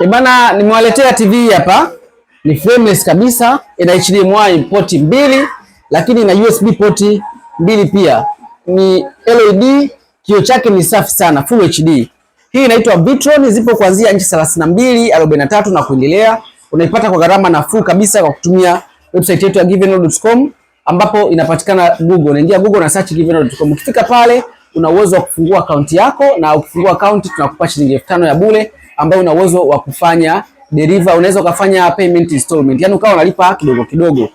Eh, bana, nimewaletea TV hapa, ni frameless kabisa, ina HDMI port mbili, lakini ina USB port mbili pia, ni LED, kio chake ni safi sana, full HD. Hii inaitwa Vitron, zipo kuanzia inchi 32, 43 na na kuendelea. Unaipata kwa gharama nafuu kabisa kwa kutumia website yetu ya givenall.com ambapo inapatikana Google. Unaingia Google na search givenall.com, ukifika pale una uwezo wa kufungua akaunti yako, na ukifungua akaunti tunakupa shilingi elfu tano ya bure, ambayo una uwezo wa kufanya deliver. Unaweza ukafanya payment installment, yani ukawa unalipa kidogo kidogo.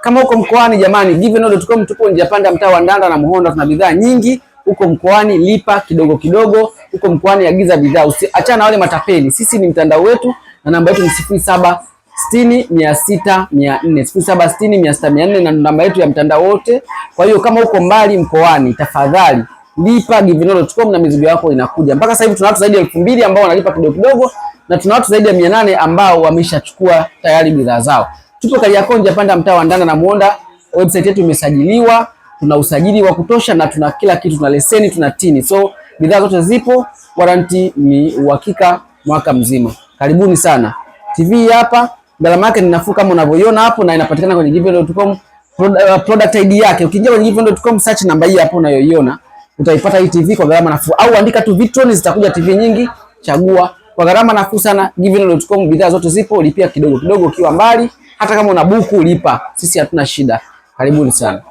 Kama uko mkoani, jamani, Givenall.com tupo nje panda mtaa wa Ndanda na Muhonda, tuna bidhaa nyingi huko mkoani, lipa kidogo kidogo huko mkoani, agiza bidhaa, usiachana na wale matapeli. Sisi ni mtandao wetu, na namba yetu ni sifuri saba sitini mia sita mia nne sifuri saba sitini mia sita mia nne na namba yetu ya mtandao wote. Kwa hiyo kama uko mbali mkoani, tafadhali lipa givenall.com na mizigo yako inakuja. Mpaka sasa hivi tuna watu zaidi ya elfu mbili ambao wanalipa kidogo kidogo na tuna watu zaidi ya mia nane ambao wameshachukua tayari bidhaa zao. Tupo Kariakoo, panda mtaa wa Ndanda na Muonda. Website yetu imesajiliwa, tuna usajili wa kutosha na tuna kila kitu, tuna leseni, tuna tini, so bidhaa zote zipo, waranti ni uhakika mwaka mzima. Karibuni sana. TV hapa gharama yake ni nafuu kama unavyoiona hapo, na inapatikana kwenye givenall.com. Uh, product ID yake ukiingia kwenye givenall.com, search namba hii hapo unayoiona utaipata hii TV kwa gharama nafuu, au andika tu Vitron, zitakuja TV nyingi, chagua kwa gharama nafuu sana. Givenall.com bidhaa zote zipo, lipia kidogo kidogo ukiwa mbali, hata kama una buku lipa, sisi hatuna shida. Karibuni sana.